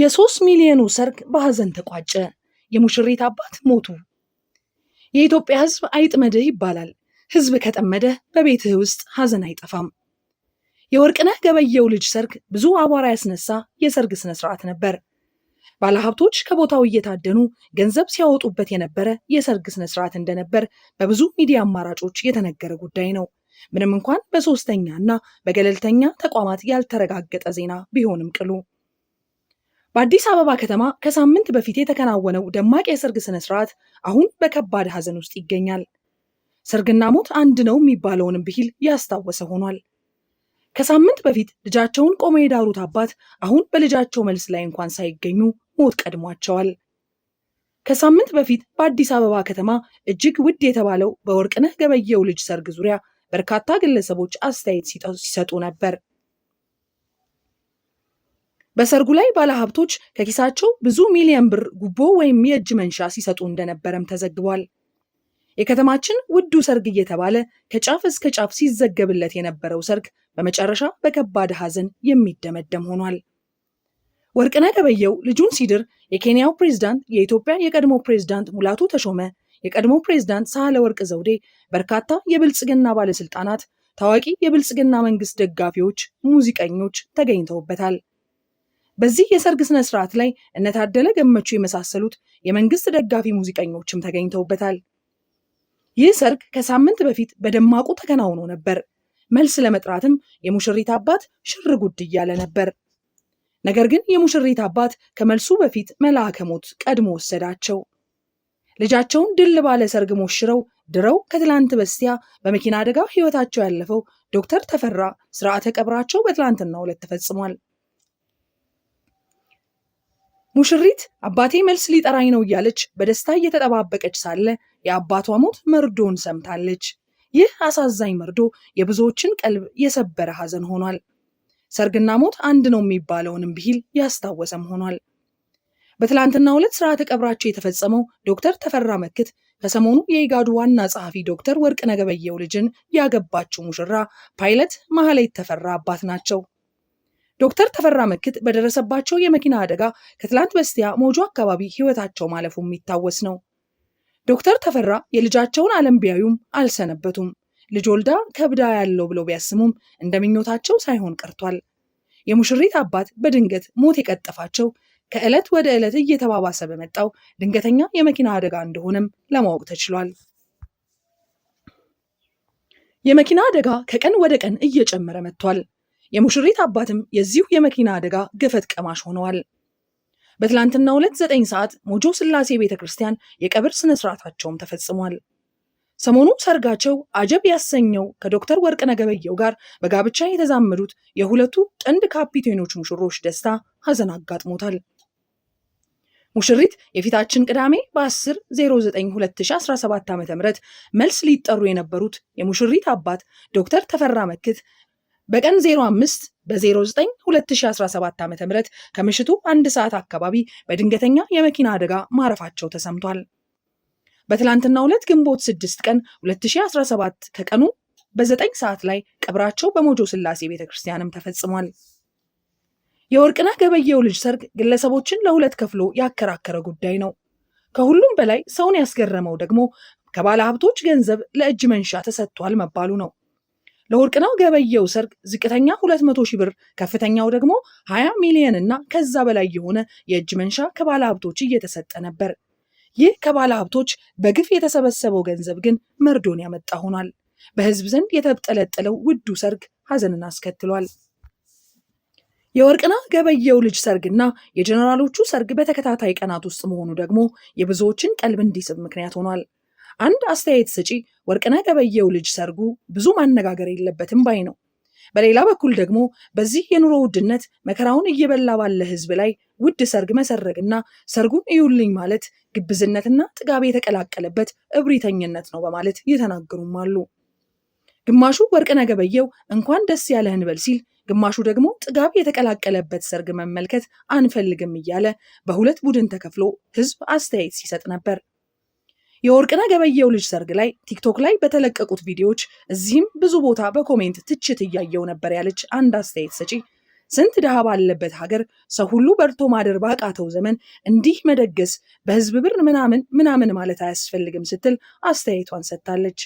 የሶስት ሚሊዮኑ ሰርግ በሐዘን ተቋጨ። የሙሽሪት አባት ሞቱ። የኢትዮጵያ ሕዝብ አይጥመድህ ይባላል። ሕዝብ ከጠመደህ በቤትህ ውስጥ ሐዘን አይጠፋም። የወርቅነህ ገበየው ልጅ ሰርግ ብዙ አቧራ ያስነሳ የሰርግ ስነ ስርዓት ነበር። ባለሀብቶች ከቦታው እየታደኑ ገንዘብ ሲያወጡበት የነበረ የሰርግ ስነ ስርዓት እንደነበር በብዙ ሚዲያ አማራጮች የተነገረ ጉዳይ ነው። ምንም እንኳን በሶስተኛ እና በገለልተኛ ተቋማት ያልተረጋገጠ ዜና ቢሆንም ቅሉ በአዲስ አበባ ከተማ ከሳምንት በፊት የተከናወነው ደማቅ የሰርግ ስነስርዓት አሁን በከባድ ሀዘን ውስጥ ይገኛል። ሰርግና ሞት አንድ ነው የሚባለውንም ብሂል ያስታወሰ ሆኗል። ከሳምንት በፊት ልጃቸውን ቆመው የዳሩት አባት አሁን በልጃቸው መልስ ላይ እንኳን ሳይገኙ ሞት ቀድሟቸዋል። ከሳምንት በፊት በአዲስ አበባ ከተማ እጅግ ውድ የተባለው በወርቅነህ ገበየው ልጅ ሰርግ ዙሪያ በርካታ ግለሰቦች አስተያየት ሲሰጡ ነበር። በሰርጉ ላይ ባለሀብቶች ከኪሳቸው ብዙ ሚሊዮን ብር ጉቦ ወይም የእጅ መንሻ ሲሰጡ እንደነበረም ተዘግቧል። የከተማችን ውዱ ሰርግ እየተባለ ከጫፍ እስከ ጫፍ ሲዘገብለት የነበረው ሰርግ በመጨረሻ በከባድ ሐዘን የሚደመደም ሆኗል። ወርቅነህ ገበየሁ ልጁን ሲድር የኬንያው ፕሬዝዳንት፣ የኢትዮጵያ የቀድሞ ፕሬዝዳንት ሙላቱ ተሾመ፣ የቀድሞ ፕሬዝዳንት ሳህለ ወርቅ ዘውዴ፣ በርካታ የብልጽግና ባለስልጣናት፣ ታዋቂ የብልጽግና መንግስት ደጋፊዎች፣ ሙዚቀኞች ተገኝተውበታል። በዚህ የሰርግ ስነ ስርዓት ላይ እነታደለ ገመቹ የመሳሰሉት የመንግስት ደጋፊ ሙዚቀኞችም ተገኝተውበታል። ይህ ሰርግ ከሳምንት በፊት በደማቁ ተከናውኖ ነበር። መልስ ለመጥራትም የሙሽሪት አባት ሽር ጉድ እያለ ነበር። ነገር ግን የሙሽሪት አባት ከመልሱ በፊት መልአከ ሞት ቀድሞ ወሰዳቸው። ልጃቸውን ድል ባለ ሰርግ ሞሽረው ድረው ከትላንት በስቲያ በመኪና አደጋ ህይወታቸው ያለፈው ዶክተር ተፈራ ስርዓተ ቀብራቸው በትላንትናው ዕለት ተፈጽሟል። ሙሽሪት አባቴ መልስ ሊጠራኝ ነው እያለች በደስታ እየተጠባበቀች ሳለ የአባቷ ሞት መርዶን ሰምታለች። ይህ አሳዛኝ መርዶ የብዙዎችን ቀልብ የሰበረ ሐዘን ሆኗል። ሰርግና ሞት አንድ ነው የሚባለውንም ብሂል ያስታወሰም ሆኗል። በትላንትና ሁለት ስርዓተ ቀብራቸው የተፈጸመው ዶክተር ተፈራ መክት ከሰሞኑ የኢጋዱ ዋና ጸሐፊ ዶክተር ወርቅነህ ገበየሁ ልጅን ያገባችው ሙሽራ ፓይለት ማህሌት ተፈራ አባት ናቸው። ዶክተር ተፈራ መክት በደረሰባቸው የመኪና አደጋ ከትላንት በስቲያ ሞጆ አካባቢ ህይወታቸው ማለፉ የሚታወስ ነው። ዶክተር ተፈራ የልጃቸውን አለም ቢያዩም አልሰነበቱም። ልጅ ወልዳ ከብዳ ያለው ብለው ቢያስሙም እንደ ምኞታቸው ሳይሆን ቀርቷል። የሙሽሪት አባት በድንገት ሞት የቀጠፋቸው ከዕለት ወደ ዕለት እየተባባሰ በመጣው ድንገተኛ የመኪና አደጋ እንደሆነም ለማወቅ ተችሏል። የመኪና አደጋ ከቀን ወደ ቀን እየጨመረ መጥቷል። የሙሽሪት አባትም የዚሁ የመኪና አደጋ ገፈት ቀማሽ ሆነዋል። በትላንትና ሁለት ዘጠኝ ሰዓት ሞጆ ስላሴ ቤተ ክርስቲያን የቀብር ስነ ስርዓታቸውም ተፈጽሟል። ሰሞኑ ሰርጋቸው አጀብ ያሰኘው ከዶክተር ወርቅነህ ገበየሁ ጋር በጋብቻ የተዛመዱት የሁለቱ ጥንድ ካፒቴኖች ሙሽሮች ደስታ ሀዘን አጋጥሞታል። ሙሽሪት የፊታችን ቅዳሜ በ10/09/2017 ዓ.ም መልስ ሊጠሩ የነበሩት የሙሽሪት አባት ዶክተር ተፈራ መክት በቀን 05 በ09 2017 ዓ ም ከምሽቱ አንድ ሰዓት አካባቢ በድንገተኛ የመኪና አደጋ ማረፋቸው ተሰምቷል። በትላንትና ሁለት ግንቦት 6 ቀን 2017 ከቀኑ በ9 ሰዓት ላይ ቀብራቸው በሞጆ ስላሴ ቤተ ክርስቲያንም ተፈጽሟል። የወርቅነህ ገበየው ልጅ ሰርግ ግለሰቦችን ለሁለት ከፍሎ ያከራከረ ጉዳይ ነው። ከሁሉም በላይ ሰውን ያስገረመው ደግሞ ከባለ ሀብቶች ገንዘብ ለእጅ መንሻ ተሰጥቷል መባሉ ነው። ለወርቅነው ገበየው ሰርግ ዝቅተኛ 200 ሺህ ብር ከፍተኛው ደግሞ 20 ሚሊዮን እና ከዛ በላይ የሆነ የእጅ መንሻ ከባለ ሀብቶች እየተሰጠ ነበር። ይህ ከባለ ሀብቶች በግፍ የተሰበሰበው ገንዘብ ግን መርዶን ያመጣ ሆኗል። በህዝብ ዘንድ የተጠለጠለው ውዱ ሰርግ ሀዘንን አስከትሏል። የወርቅና ገበየው ልጅ ሰርግና የጀነራሎቹ ሰርግ በተከታታይ ቀናት ውስጥ መሆኑ ደግሞ የብዙዎችን ቀልብ እንዲስብ ምክንያት ሆኗል። አንድ አስተያየት ሰጪ ወርቅነህ ገበየው ልጅ ሰርጉ ብዙ ማነጋገር የለበትም ባይ ነው። በሌላ በኩል ደግሞ በዚህ የኑሮ ውድነት መከራውን እየበላ ባለ ህዝብ ላይ ውድ ሰርግ መሰረግና ሰርጉን እዩልኝ ማለት ግብዝነትና ጥጋብ የተቀላቀለበት እብሪተኝነት ነው በማለት እየተናገሩም አሉ። ግማሹ ወርቅነህ ገበየሁ እንኳን ደስ ያለህ እንበል ሲል፣ ግማሹ ደግሞ ጥጋብ የተቀላቀለበት ሰርግ መመልከት አንፈልግም እያለ በሁለት ቡድን ተከፍሎ ህዝብ አስተያየት ሲሰጥ ነበር። የወርቅነህ ገበየሁ ልጅ ሰርግ ላይ ቲክቶክ ላይ በተለቀቁት ቪዲዮዎች እዚህም ብዙ ቦታ በኮሜንት ትችት እያየው ነበር ያለች አንድ አስተያየት ሰጪ ስንት ድሃ ባለበት ሀገር ሰው ሁሉ በርቶ ማደር ባቃተው ዘመን እንዲህ መደገስ በህዝብ ብር ምናምን ምናምን ማለት አያስፈልግም ስትል አስተያየቷን ሰጥታለች።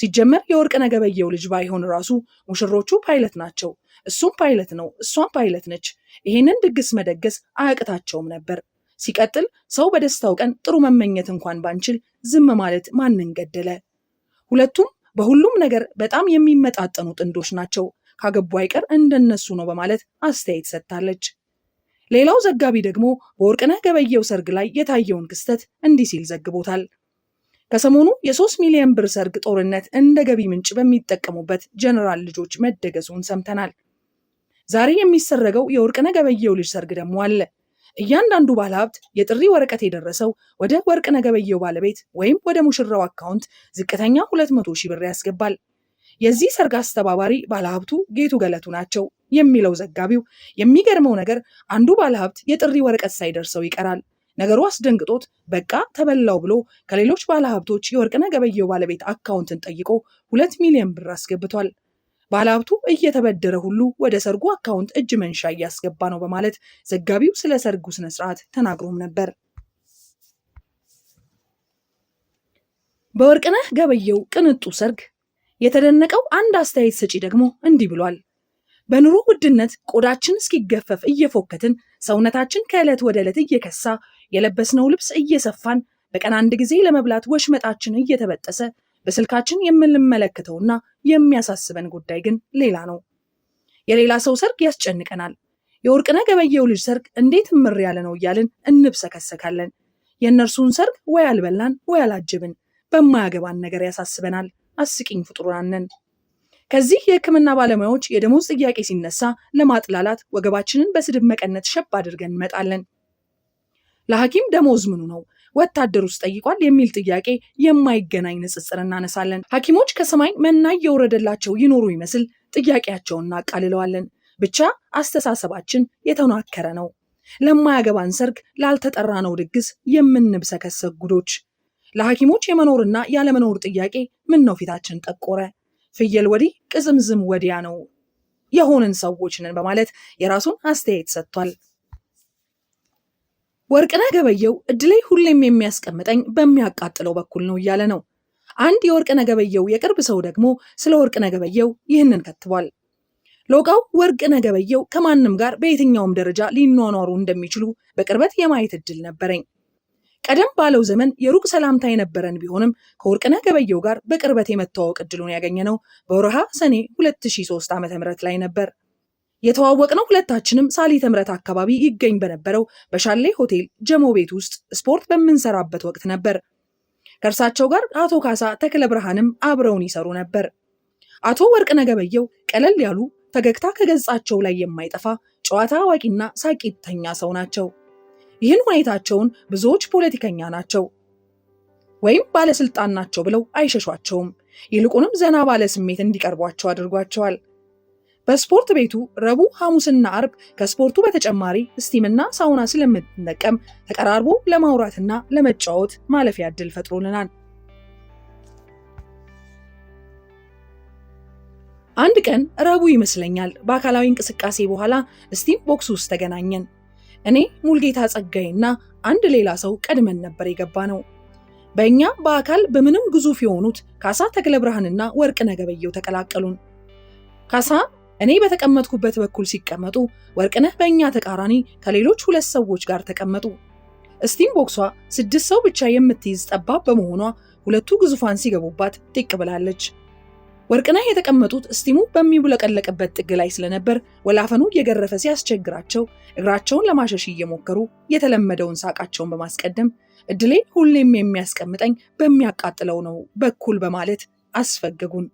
ሲጀመር የወርቅነህ ገበየሁ ልጅ ባይሆን ራሱ ሙሽሮቹ ፓይለት ናቸው፣ እሱም ፓይለት ነው፣ እሷም ፓይለት ነች። ይህንን ድግስ መደገስ አያቅታቸውም ነበር። ሲቀጥል ሰው በደስታው ቀን ጥሩ መመኘት እንኳን ባንችል ዝም ማለት ማንን ገደለ? ሁለቱም በሁሉም ነገር በጣም የሚመጣጠኑ ጥንዶች ናቸው፣ ካገቡ አይቀር እንደነሱ ነው በማለት አስተያየት ሰጥታለች። ሌላው ዘጋቢ ደግሞ በወርቅነህ ገበየው ሰርግ ላይ የታየውን ክስተት እንዲህ ሲል ዘግቦታል። ከሰሞኑ የሶስት ሚሊዮን ብር ሰርግ ጦርነት እንደ ገቢ ምንጭ በሚጠቀሙበት ጀነራል ልጆች መደገሱን ሰምተናል። ዛሬ የሚሰረገው የወርቅነህ ገበየው ልጅ ሰርግ ደግሞ አለ። እያንዳንዱ ባለሀብት የጥሪ ወረቀት የደረሰው ወደ ወርቅ ነገበየው ባለቤት ወይም ወደ ሙሽራው አካውንት ዝቅተኛ 200 ሺህ ብር ያስገባል። የዚህ ሰርግ አስተባባሪ ባለሀብቱ ጌቱ ገለቱ ናቸው የሚለው ዘጋቢው፣ የሚገርመው ነገር አንዱ ባለሀብት የጥሪ ወረቀት ሳይደርሰው ይቀራል። ነገሩ አስደንግጦት በቃ ተበላው ብሎ ከሌሎች ባለሀብቶች የወርቅነህ ገበየሁ ባለቤት አካውንትን ጠይቆ ሁለት ሚሊዮን ብር አስገብቷል። ባለሀብቱ እየተበደረ ሁሉ ወደ ሰርጉ አካውንት እጅ መንሻ እያስገባ ነው በማለት ዘጋቢው ስለ ሰርጉ ስነስርዓት ተናግሮም ነበር። በወርቅነህ ገበየው ቅንጡ ሰርግ የተደነቀው አንድ አስተያየት ሰጪ ደግሞ እንዲህ ብሏል። በኑሮ ውድነት ቆዳችን እስኪገፈፍ እየፎከትን ሰውነታችን ከዕለት ወደ ዕለት እየከሳ የለበስነው ልብስ እየሰፋን በቀን አንድ ጊዜ ለመብላት ወሽመጣችን እየተበጠሰ በስልካችን የምንመለከተውና የሚያሳስበን ጉዳይ ግን ሌላ ነው። የሌላ ሰው ሰርግ ያስጨንቀናል። የወርቅነህ ገበየሁ ልጅ ሰርግ እንዴት እምር ያለ ነው እያልን እንብሰከሰካለን። የእነርሱን ሰርግ ወይ አልበላን ወይ አላጅብን በማያገባን ነገር ያሳስበናል። አስቂኝ ፍጡራን ነን። ከዚህ የሕክምና ባለሙያዎች የደሞዝ ጥያቄ ሲነሳ ለማጥላላት ወገባችንን በስድብ መቀነት ሸብ አድርገን እንመጣለን። ለሐኪም ደሞዝ ምኑ ነው? ወታደር ውስጥ ጠይቋል የሚል ጥያቄ የማይገናኝ ንጽጽር እናነሳለን። ሐኪሞች ከሰማይ መናይ የወረደላቸው ይኖሩ ይመስል ጥያቄያቸውን እናቃልለዋለን። ብቻ አስተሳሰባችን የተናከረ ነው። ለማያገባን ሰርግ፣ ላልተጠራ ነው ድግስ የምንብሰከሰክ ጉዶች። ለሐኪሞች የመኖርና ያለመኖር ጥያቄ ምን ነው ፊታችን ጠቆረ። ፍየል ወዲህ ቅዝምዝም ወዲያ ነው የሆንን ሰዎች ነን በማለት የራሱን አስተያየት ሰጥቷል። ወርቅነህ ገበየው ላይ ሁሌም የሚያስቀምጠኝ በሚያቃጥለው በኩል ነው እያለ ነው። አንድ የወርቅነህ ገበየው የቅርብ ሰው ደግሞ ስለ ወርቅነህ ገበየው ይህንን ከትቧል። ሎቃው ወርቅነህ ገበየው ከማንም ጋር በየትኛውም ደረጃ ሊኗኗሩ እንደሚችሉ በቅርበት የማየት እድል ነበረኝ። ቀደም ባለው ዘመን የሩቅ ሰላምታ የነበረን ቢሆንም ከወርቅነህ ገበየው ጋር በቅርበት የመተዋወቅ እድሉን ያገኘ ነው በወርሃ ሰኔ 2003 .ም ላይ ነበር። የተዋወቅነው ሁለታችንም ሳሊ ተምረት አካባቢ ይገኝ በነበረው በሻሌ ሆቴል ጀሞ ቤት ውስጥ ስፖርት በምንሰራበት ወቅት ነበር። ከእርሳቸው ጋር አቶ ካሳ ተክለ ብርሃንም አብረውን ይሰሩ ነበር። አቶ ወርቅ ነገበየው ቀለል ያሉ ፈገግታ ከገጻቸው ላይ የማይጠፋ ጨዋታ አዋቂና ሳቂተኛ ሰው ናቸው። ይህን ሁኔታቸውን ብዙዎች ፖለቲከኛ ናቸው ወይም ባለስልጣን ናቸው ብለው አይሸሿቸውም። ይልቁንም ዘና ባለ ስሜት እንዲቀርቧቸው አድርጓቸዋል። በስፖርት ቤቱ ረቡዕ፣ ሐሙስና አርብ ከስፖርቱ በተጨማሪ ስቲምና ሳውና ስለምንጠቀም ተቀራርቦ ለማውራትና ለመጫወት ማለፊያ እድል ፈጥሮልናል። አንድ ቀን ረቡዕ ይመስለኛል በአካላዊ እንቅስቃሴ በኋላ ስቲም ቦክስ ውስጥ ተገናኘን። እኔ ሙልጌታ ጸጋይና አንድ ሌላ ሰው ቀድመን ነበር የገባ ነው። በእኛ በአካል በምንም ግዙፍ የሆኑት ካሳ ተክለ ብርሃንና ወርቅ ነገበየው ተቀላቀሉን። ካሳ እኔ በተቀመጥኩበት በኩል ሲቀመጡ ወርቅነህ በእኛ ተቃራኒ ከሌሎች ሁለት ሰዎች ጋር ተቀመጡ። ስቲም ቦክሷ ስድስት ሰው ብቻ የምትይዝ ጠባብ በመሆኗ ሁለቱ ግዙፋን ሲገቡባት ጢቅ ብላለች። ወርቅነህ የተቀመጡት ስቲሙ በሚውለቀለቅበት ጥግ ላይ ስለነበር ወላፈኑ እየገረፈ ሲያስቸግራቸው እግራቸውን ለማሸሽ እየሞከሩ የተለመደውን ሳቃቸውን በማስቀደም እድሌ ሁሌም የሚያስቀምጠኝ በሚያቃጥለው ነው በኩል በማለት አስፈገጉን።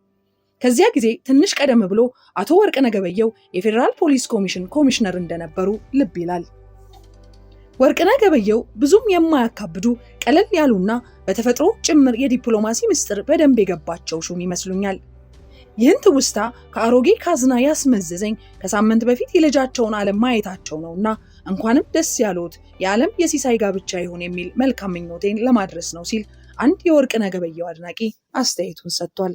ከዚያ ጊዜ ትንሽ ቀደም ብሎ አቶ ወርቅነ ገበየው የፌዴራል ፖሊስ ኮሚሽን ኮሚሽነር እንደነበሩ ልብ ይላል። ወርቅነ ገበየው ብዙም የማያካብዱ ቀለል ያሉና በተፈጥሮ ጭምር የዲፕሎማሲ ምስጢር በደንብ የገባቸው ሹም ይመስሉኛል። ይህን ትውስታ ከአሮጌ ካዝና ያስመዘዘኝ ከሳምንት በፊት የልጃቸውን ዓለም ማየታቸው ነውና እንኳንም ደስ ያሉት የዓለም የሲሳይ ጋብቻ ይሁን የሚል መልካም ምኞቴን ለማድረስ ነው ሲል አንድ የወርቅነ ገበየው አድናቂ አስተያየቱን ሰጥቷል።